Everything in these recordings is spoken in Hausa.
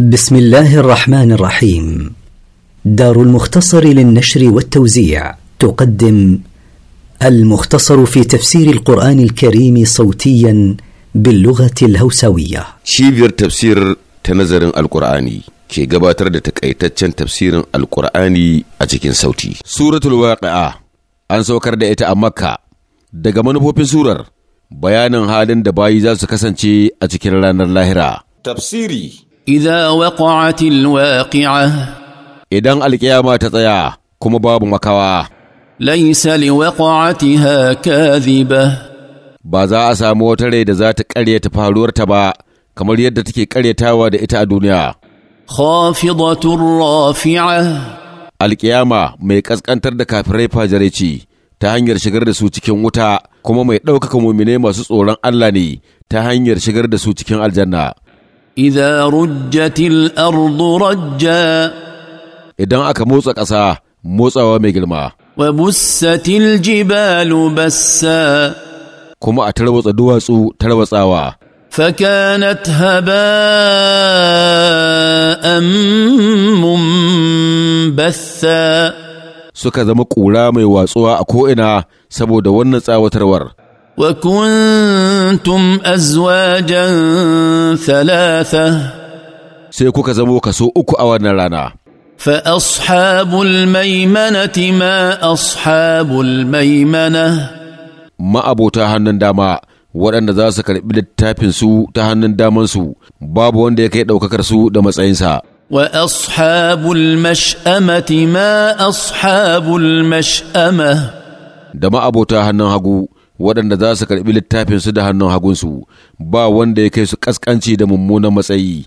بسم الله الرحمن الرحيم دار المختصر للنشر والتوزيع تقدم المختصر في تفسير القرآن الكريم صوتيا باللغة الهوسوية شيفير تفسير تنظر القرآني كي قباتر تكأيتتشن تفسير القرآني أجيكين صوتي سورة الواقعة أن سوكر دائتا أمكا دقمان بوبين سورة بيانا حالا دبايزا سكسنشي أجيكين لانا اللاهرة تفسيري Iza waƙwacin waƙi'a Idan alƙiyama ta tsaya kuma babu makawa. Laisa li waƙwacinha kaziba. Ba za a samu wata rai da za ta ƙaryata faruwarta ba, kamar yadda take ƙaryatawa da ita a duniya. Khafidatun rafi'a. Alƙiyama mai ƙasƙantar da kafirai fajareci ta hanyar shigar da su cikin wuta, kuma mai ɗaukaka mumine masu tsoron Allah ne ta hanyar shigar da su cikin aljanna. إذا رجت الأرض رجا إذا أكا موسى كأسا موسى وميقلما وبست الجبال بسا كما أتلوص دواسو آوا فكانت هباء منبثا سكا zama ƙura mai أكوئنا سبو ko'ina saboda wannan وكنتم أزواجا ثلاثة سيكوك زمو كسو أكو أوانا لنا فأصحاب الميمنة ما أصحاب الميمنة ما أبو تاهنن داما waɗanda za su karɓi littafin su ta hannun damansu babu wanda ya kai ɗaukakar su da matsayinsa. Wa ashabul mash'amati ma ashabul mash'ama da ma'abota hannun hagu waɗanda za su karɓi littafinsu da hannun hagunsu ba wanda ya kai su ƙasƙanci da mummunan matsayi.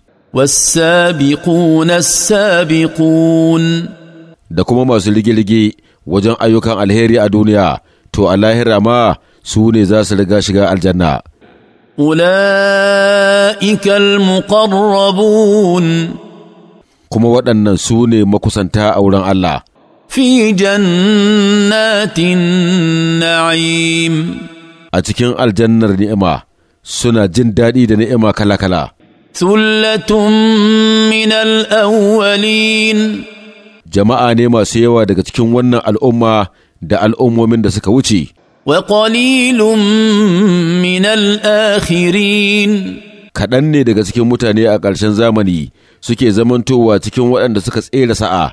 Da kuma masu rige-rige wajen ayyukan alheri a duniya, to a lahira ma su ne za su riga shiga aljanna. أولئك المقربون kuma waɗannan su ne makusanta a wurin Allah. fi jannatin na'im a cikin aljannar ni'ima suna jin daɗi da ni'ima kala-kala thullatun min al'awwalin jama'a ne masu yawa daga cikin wannan al'umma da al'ummomin da suka wuce wa qalilun min al'akhirin kaɗan ne daga cikin mutane a ƙarshen zamani suke zamantowa cikin waɗanda suka tsere sa'a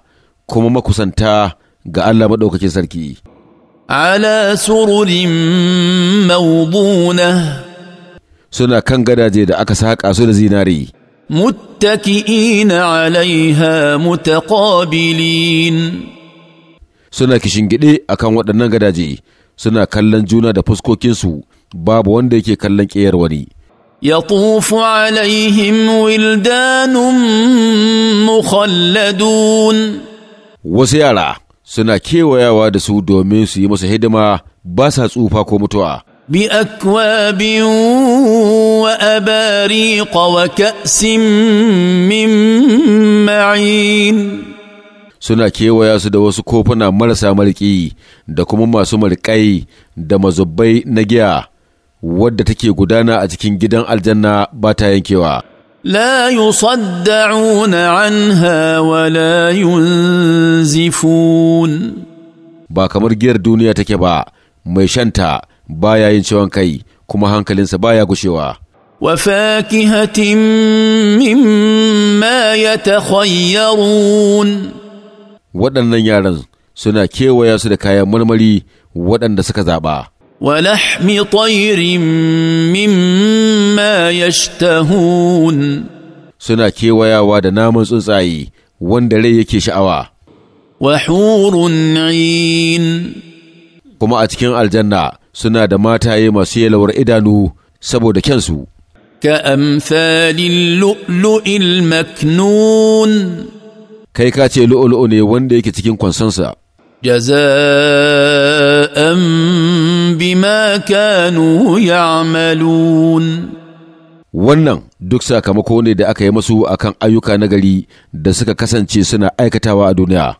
kuma makusanta ga Allah maɗaukakin sarki. Ala sururin maubuna. suna kan gadaje da aka saƙa su da zinari. Muttaki'ina alaiha mutaqabilin suna kishingiɗe a kan waɗannan gadaje suna kallon juna da fuskokinsu babu wanda yake kallon ƙeyar wani. Ya tufu alaihim wildanun mukhalladun wasu yara suna kewayawa da su domin su yi masa hidima ba sa tsufa ko mutuwa. Bi akwabi wa abari wa ka'sin min ma'in suna kewaya su da wasu kofuna marasa marƙi da kuma masu marƙai da mazubbai na giya wadda take gudana a cikin gidan aljanna ba ta yankewa. لا يصدعون عنها ولا ينزفون ba kamar giyar duniya take ba mai shanta ya yin ciwon kai kuma hankalinsa baya gushewa وفاكهة مما يتخيرون waɗannan yaran suna kewaya su da kayan marmari waɗanda suka zaɓa ولحم طير مما يشتهون suna kewayawa da naman tsuntsaye wanda rai yake sha'awa wa hurun kuma a cikin aljanna suna da mataye masu yalawar idanu saboda kyansu ka amsalin lu'lu'il maknun kai ka ce lu'u-lu'u ne wanda yake cikin kwansansa جزاء بما كانوا يعملون wannan duk sakamako ne da aka yi masu akan ayyuka nagari da suka kasance suna aikatawa a duniya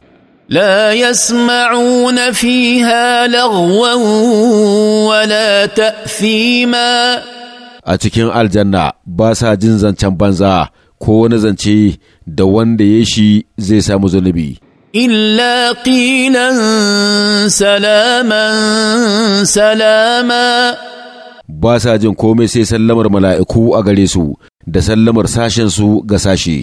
لا يسمعون فيها لغوا ولا تأثيما a cikin aljanna ba sa jin zancen banza ko wani zance da wanda ya shi zai samu zunubi الا قيلا سلاما سلاما ba sa jin komai sai sallamar mala'iku a gare su da sallamar sashensu ga sashe.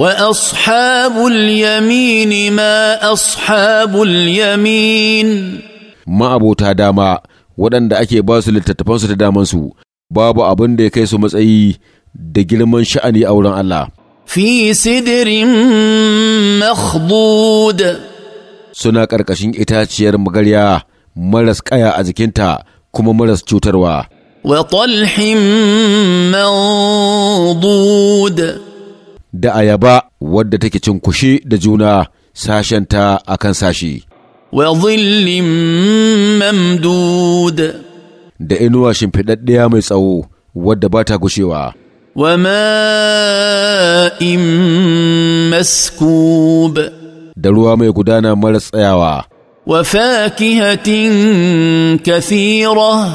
Wa ashabul yamini ma ashabul yamin. Ma'abota dama waɗanda ake ba su littattafansu da damansu, babu abin da ya kai su matsayi da girman sha'ani a wurin Allah. fi sidirin mahdud suna ƙarƙashin itaciyar magarya maras ƙaya a jikinta kuma maras cutarwa wa talhin manḍud da ayaba wadda take cin kushi da juna sashen ta akan sashi wa mamdud da inuwa shimfiɗaɗɗiya mai tsawo wadda ba ta gushewa وماء مسكوب دروا مي غدانا مرس tsayawa وفاكهة كثيرة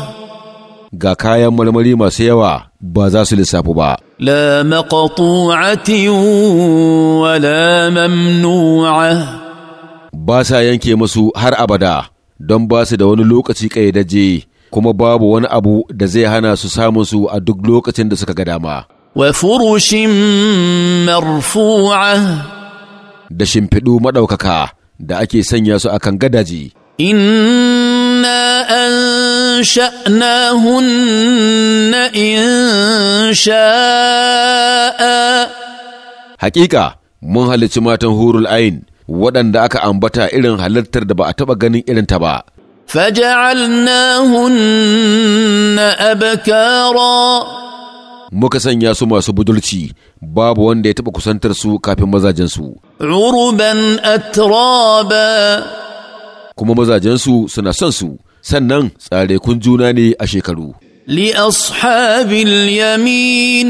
ga kayan marmari masu yawa ba za su lissafi ba. La maqtu'atin wala mamnu'a Ba sa yanke masu har abada don ba su da wani lokaci ƙaidaje. kuma babu wani abu da zai hana su samun su a duk lokacin da suka ga dama. Wa furushin marfu'a da shimfiɗu maɗaukaka da ake sanya su a kan gadaji. Inna an sha'nahunna in sha'a. Hakika, mun halicci matan hurul ain waɗanda aka ambata irin halittar da ba a taɓa ganin irinta ba. فجعلناهن أبكارا muka sanya su masu budurci babu wanda ya taɓa kusantar su kafin mazajensu. Uruban atraba kuma mazajensu suna son su sannan tsarekun juna ne a shekaru. Li ashabil yamin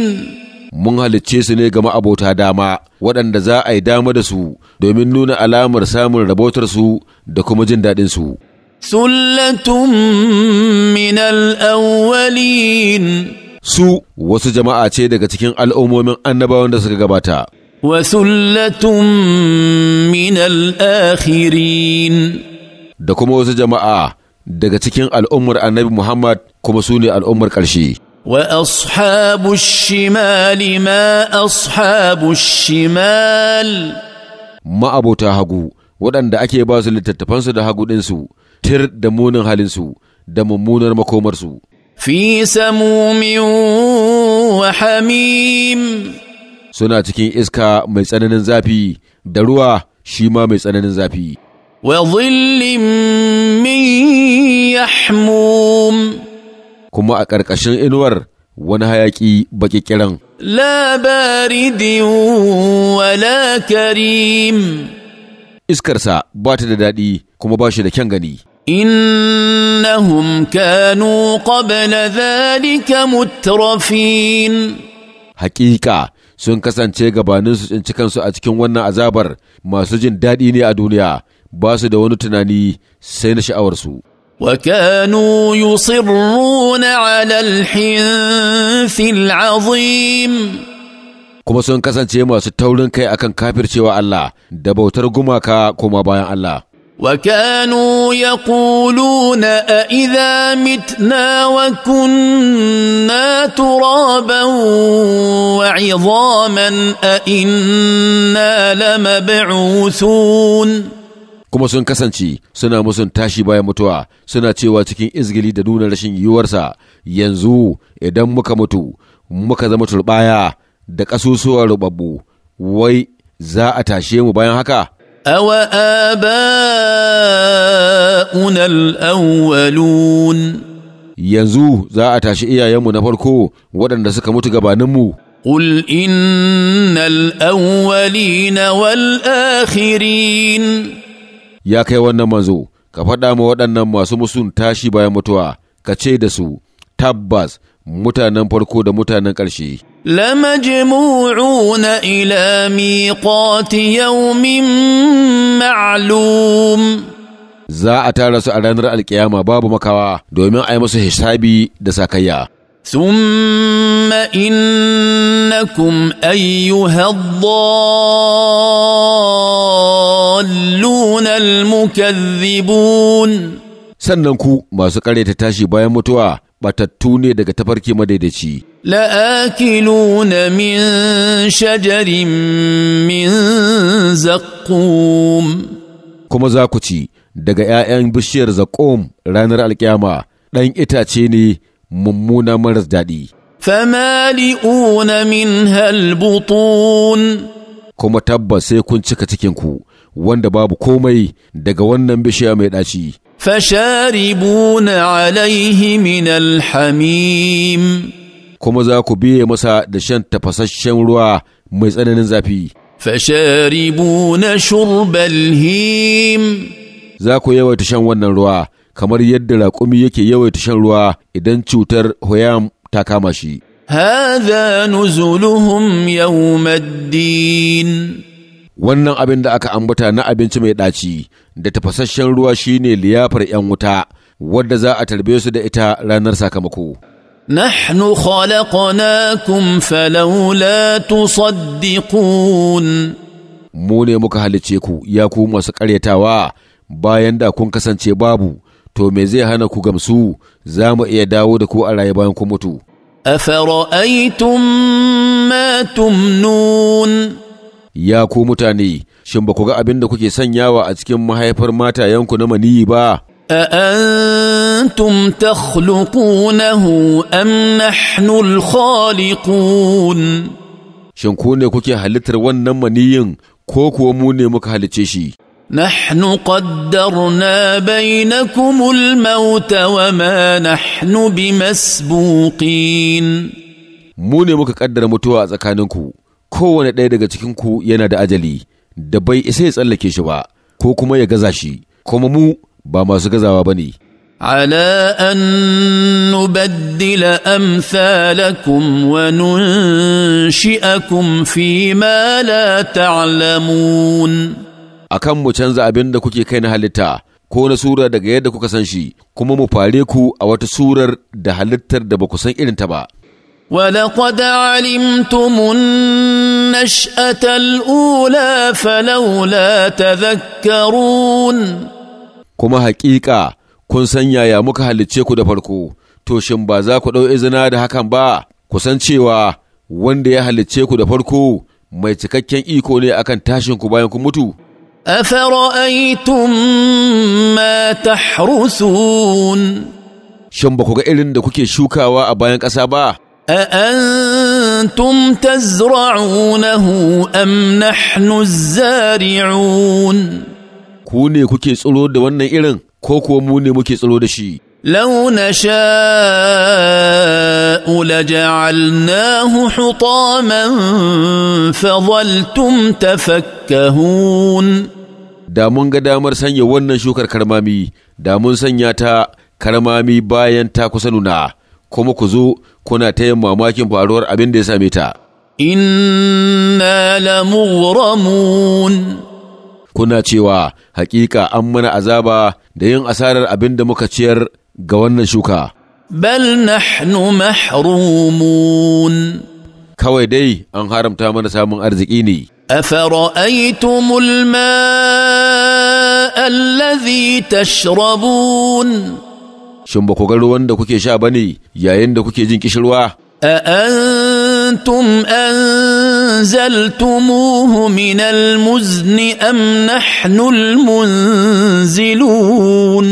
mun halicce su ne ga abota dama waɗanda za a yi dama da su domin nuna alamar samun rabotar su da kuma jin daɗinsu. ثلة من الأولين su wasu jama'a ce daga cikin al'ummomin annabawan da suka gabata. Wa sullatun minal akhirin da kuma wasu jama'a daga cikin al'ummar annabi Muhammad kuma su ne al'ummar ƙarshe. Wa ashabu shimali ashabu shimal ma'abota hagu waɗanda ake ba su littattafansu da hagu ɗinsu. tir da munin halinsu da mummunar makomarsu. Fi wa hamim Suna cikin iska mai tsananin zafi da ruwa shi ma mai tsananin zafi. Wa zillin min yahmum Kuma a ƙarƙashin inuwar wani hayaƙi baƙi kiran. La baridin la karim Iskarsa ba ta da daɗi kuma ba shi da kyan gani. انهم كانوا قبل ذلك مترفين حقيقه sun kasance gabanin su tsinci kansu a cikin wannan azabar masu jin daɗi ne a duniya ba su da wani tunani sai na sha'awarsu. kanu yusirruna على الحنث 'azim kuma sun kasance masu taurin kai akan kafircewa Allah da bautar gumaka koma bayan Allah. وكانوا يقولون أإذا متنا وكنا ترابا وعظاما أإنا لمبعوثون kuma sun kasance suna musun tashi bayan mutuwa suna cewa cikin izgili da nuna rashin yiwuwarsa yanzu idan muka mutu muka zama turbaya da ƙasusuwar rubabbu wai za a tashe mu bayan haka أوآباؤنا الأولون yanzu za a tashi iyayenmu na farko waɗanda suka mutu gabaninmu. Qul auwali na wal akhirin Ya kai wannan manzo, ka faɗa ma waɗannan masu musun tashi bayan mutuwa, ka ce da su, tabbas mutanen farko da mutanen ƙarshe. Lamajmu'una ila yau min ma'alum Za a tara su a ranar alƙiyama babu makawa domin a yi musu hisabi da sakayya. ثم إنكم أيها الضالون المكذبون sannan ku masu ta tashi bayan mutuwa batattu ne daga tafarki madaidaici. La'akiluna min shajarin min zakkum. Kuma za ku ci daga ‘ya'yan bishiyar zakkum ranar alkyama ɗan itace ne mummuna maras daɗi. Famali'una min halbutun. Kuma tabbas sai kun cika cikinku wanda babu komai daga wannan bishiya mai ɗaci. فشاربون عليه من الحميم kuma za ku biye masa da shan tafasasshen ruwa mai tsananin zafi. Fasharibuna na him Za ku yawaita shan wannan ruwa, kamar yadda raƙumi yake yawaita shan ruwa idan cutar hoyam ta kama shi. هذا nuzuluhum يوم الدين wannan abin da aka ambata na abinci mai ɗaci da tafasasshen ruwa shine liyafar 'yan wuta wadda za a tarbe su da ita ranar sakamako. نحن خلقناكم فلولا تصدقون mu ne muka halice ku ya ku masu karyatawa bayan da kun kasance babu to me zai hana ku gamsu za mu iya dawo da ku a raye bayan kun mutu afara'aytum ma tumnun ya ku mutane, shin ba ku ga abin da kuke sanyawa a cikin mahaifar mata yanku na maniyi ba? أأنتم تخلقونه أم نحن الخالقون Shin ku ne kuke halittar wannan maniyin ko kuwa mu ne muka halicce shi? نحن قدرنا bainakumul, الموت وما نحن masbuƙin. mu ne muka kaddara mutuwa a tsakaninku kowane ɗaya daga cikin ku yana da ajali da bai isa ya tsallake shi ba ko kuma ya gaza shi kuma mu ba masu gazawa ba ne على ان نبدل امثالكم وننشئكم فيما لا تعلمون akan mu canza abin da kuke kai na halitta ko na sura daga yadda kuka san shi kuma mu fare ku a wata surar da halittar da ba ku san irinta ba ولقد علمتم النشأة الأولى فلولا تذكرون kuma haƙiƙa kun san yaya muka halicce ku da farko, to shin ba za ku ɗau izina da hakan ba, ku san cewa wanda ya halicce ku da farko mai cikakken iko ne akan tashin ku bayan kun mutu. أفرأيتم ما تحرثون Shin ba ku ga irin da kuke shukawa a bayan ƙasa ba? أأنتم تزرعونه أم نحن الزارعون ku ne kuke tsiro da wannan irin ko kuwa mu ne muke tsiro da shi لو نشاء لجعلناه حطاما فظلتم تفكهون da mun ga damar sanya wannan shukar karmami da mun sanya ta karmami bayan ta kusa nuna kuma ku zo kuna ta yin mamakin faruwar abin da ya same ta. Inna lamuramun Kuna cewa hakika an mana azaba da yin asarar abin da muka ciyar ga wannan shuka. Bal nahnu mahrumun Kawai dai an haramta mana samun arziki ne. أفرأيتم الماء tashrabun تشربون shin ba ku ga ruwan da kuke sha ba ne yayin da kuke jin kishirwa? أأنتم أنزلتموه من المزن أم نحن المنزلون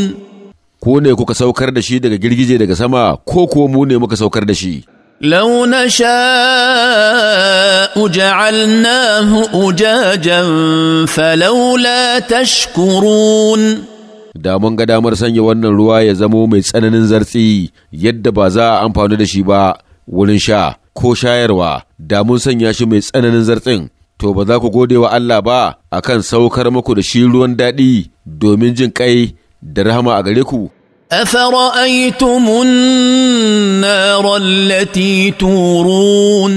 ko ne kuka saukar da shi daga girgije daga sama ko kuwa mu ne muka saukar da shi لو نشاء جعلناه falaula فلولا تشكرون da mun ga damar sanya wannan ruwa ya zamo mai tsananin zartsi yadda ba za a amfani da shi ba wurin sha ko shayarwa da mun sanya shi mai tsananin zartsin to ba za ku gode wa Allah ba a kan saukar muku da shi ruwan daɗi domin jin kai da rahama a gare ku. أفرأيتم النار التي تورون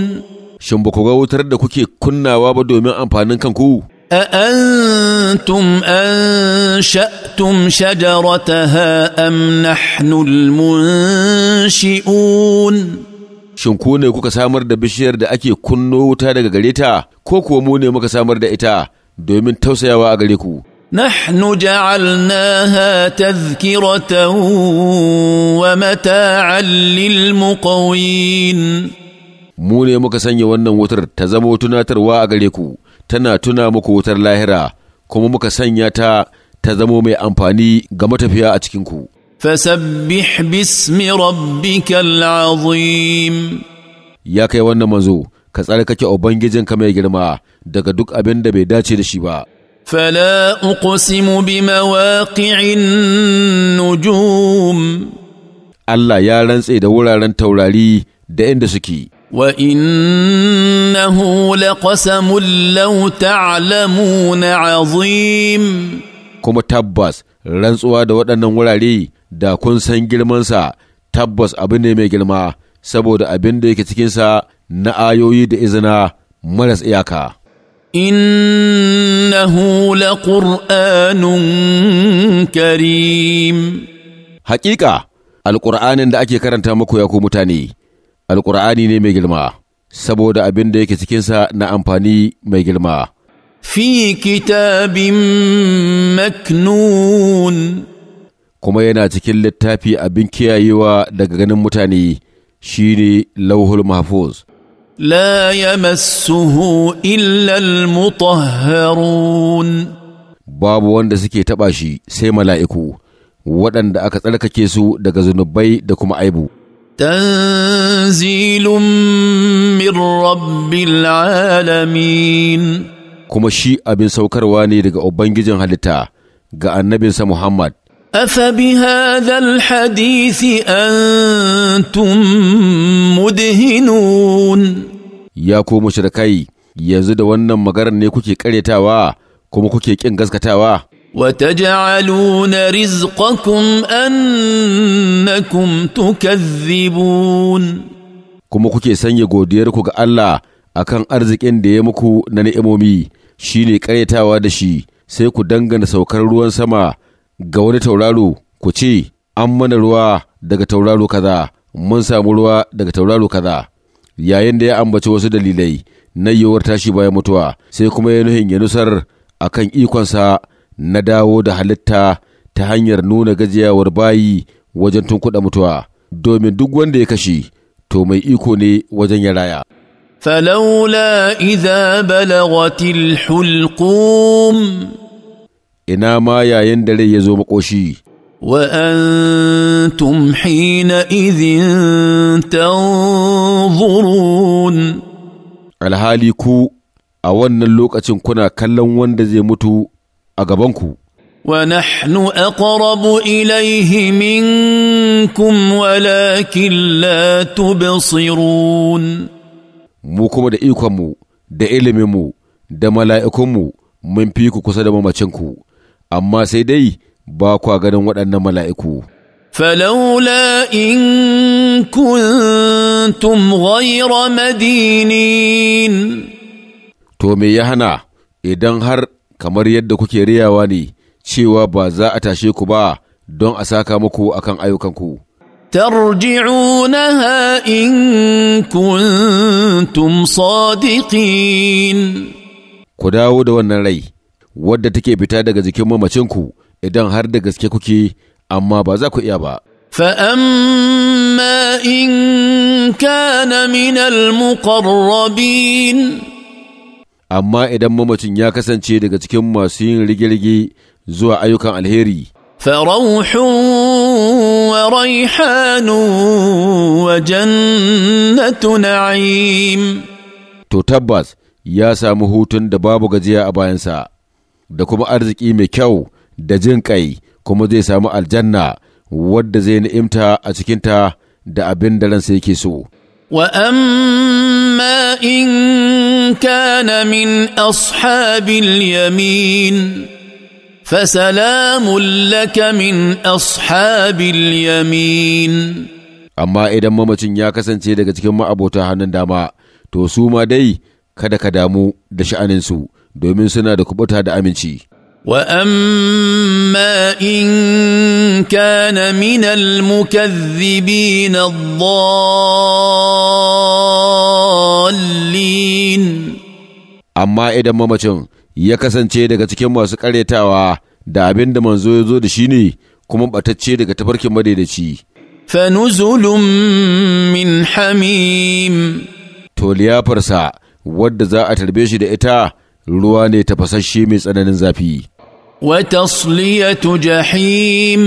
shin ba ku ga wutar da kuke kunnawa ba domin amfanin kanku? A أأنتم أنشأتم شجرتها أم نحن المنشئون Shin ku ne kuka samar da bishiyar da ake kunno wuta daga gare ta, ko kuwa mu ne muka samar da ita domin tausayawa a gare ku? نحن جعلناها تذكرة ومتاعا للمقوين. Mu ne muka sanya wannan wutar ta zama tunatarwa a gare ku. tana tuna muku wutar lahira kuma muka sanya ta ta zamo mai amfani ga matafiya a cikinku. Fasabbih bismi rabbikal azim Ya kai wannan manzo, ka tsarkake ka mai girma daga duk abin da bai dace da shi ba. Fala uqsimu bi mawaqi'in nujum Allah ya rantse da wuraren taurari da inda suke. وانه لقسم لو تعلمون عظيم kuma tabbas rantsuwa da waɗannan wurare da kun san girmansa tabbas abu ne mai girma saboda abin da yake cikinsa na ayoyi da izina maras iyaka innahu laqur'anun karim haƙiƙa Alƙur'ani da ake karanta muku ya ku mutane alƙur'ani ne mai girma saboda abin da yake cikinsa na amfani mai girma fi kitabin maknun kuma yana cikin littafi abin kiyayewa daga ganin mutane shi ne lauhul mahfuz ya masuhu illal المطهرون babu wanda suke taɓa shi sai mala'iku waɗanda aka tsarkake su daga zunubai da kuma aibu. تنزيل من رب العالمين kuma shi abin saukarwa ne daga Ubangijin halitta ga annabinsa Muhammad. أفبهذا الحديث أنتم Ya يا كو yanzu da wannan مغرن ne kuke karyatawa kuma kuke ƙin gaskatawa وتجعلون رزقكم أنكم تكذبون kuma kuke sanya godiyarku ga Allah akan arzikin da ya muku na ni'imomi shine ne da shi sai ku dangana saukar ruwan sama ga wani tauraro ku ce an mana ruwa daga tauraro kaza mun samu ruwa daga tauraro kaza yayin da ya ambaci wasu dalilai na yiwuwar tashi bayan mutuwa sai kuma ya nuhin ya nusar akan ikonsa na dawo da halitta ta hanyar nuna gajiyawar bayi wajen tunkuɗa mutuwa, domin duk wanda ya kashe, to mai iko ne wajen ya raya. فلولا إذا ma yayin إنا ما يا يندري waantum قوشي وأنتم حينئذ تنظرون alhali ku a wannan lokacin kuna kallon wanda zai mutu a gabanku. ونحن اقرب اليه منكم ولكن لا تبصرون mu kuma da ikonmu da iliminmu da mala'ikunmu mun fi kusa da mamacinku amma sai dai ba kwa ganin waɗannan mala'iku فلولا إن كنتم غير مدينين to me ya hana idan har kamar yadda kuke riyawa ne cewa ba za a tashe ku ba don a saka muku akan ayyukanku. Tarji'unaha in kuntum sadiqin. ku dawo da wannan rai wadda take fita daga jikin mamacinku idan har da gaske kuke amma ba za ku iya ba Fa’amma na kana minal muƙarrabin. amma idan mamacin ya kasance daga cikin masu yin rige zuwa ayyukan alheri. Farauhun wa raihanu wa jannatu na'im. To tabbas ya sami hutun da babu gajiya a bayansa, da kuma arziki mai kyau da jin kai kuma zai samu aljanna wadda zai ni'imta a cikinta da abin da ransa yake so. واما ان كان من اصحاب اليمين فسلام لك من اصحاب اليمين amma idan mamacin ya kasance daga cikin ma'abota hannun dama to su ma dai kada ka damu da sha'aninsu domin suna da kubuta da aminci واما ان كان من المكذبين الضالين amma idan mamacin ya kasance daga cikin masu karyatawa da abin da manzo ya zo da shi ne kuma batacce daga tafarkin madaidaci fanuzulun min hamim to liyafarsa wadda za a tarbe shi da ita ruwa ne tafasasshe mai tsananin zafi. tu jahim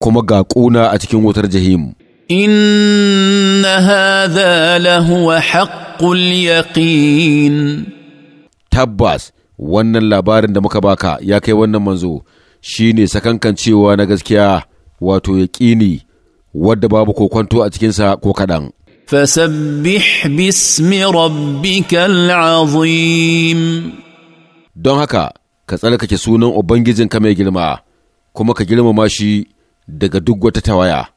kuma ga ƙuna a cikin wutar jahim. Inna hadha lahuwa haƙƙul yaƙin. Tabbas wannan labarin da muka baka ya kai wannan manzo shi ne sakankan cewa na gaskiya wato yaƙini wadda babu kokwanto a cikinsa ko kaɗan. فسبح باسم ربك العظيم don haka ka tsarkake sunan Ubangijinka mai girma kuma ka girmama shi daga duk wata tawaya.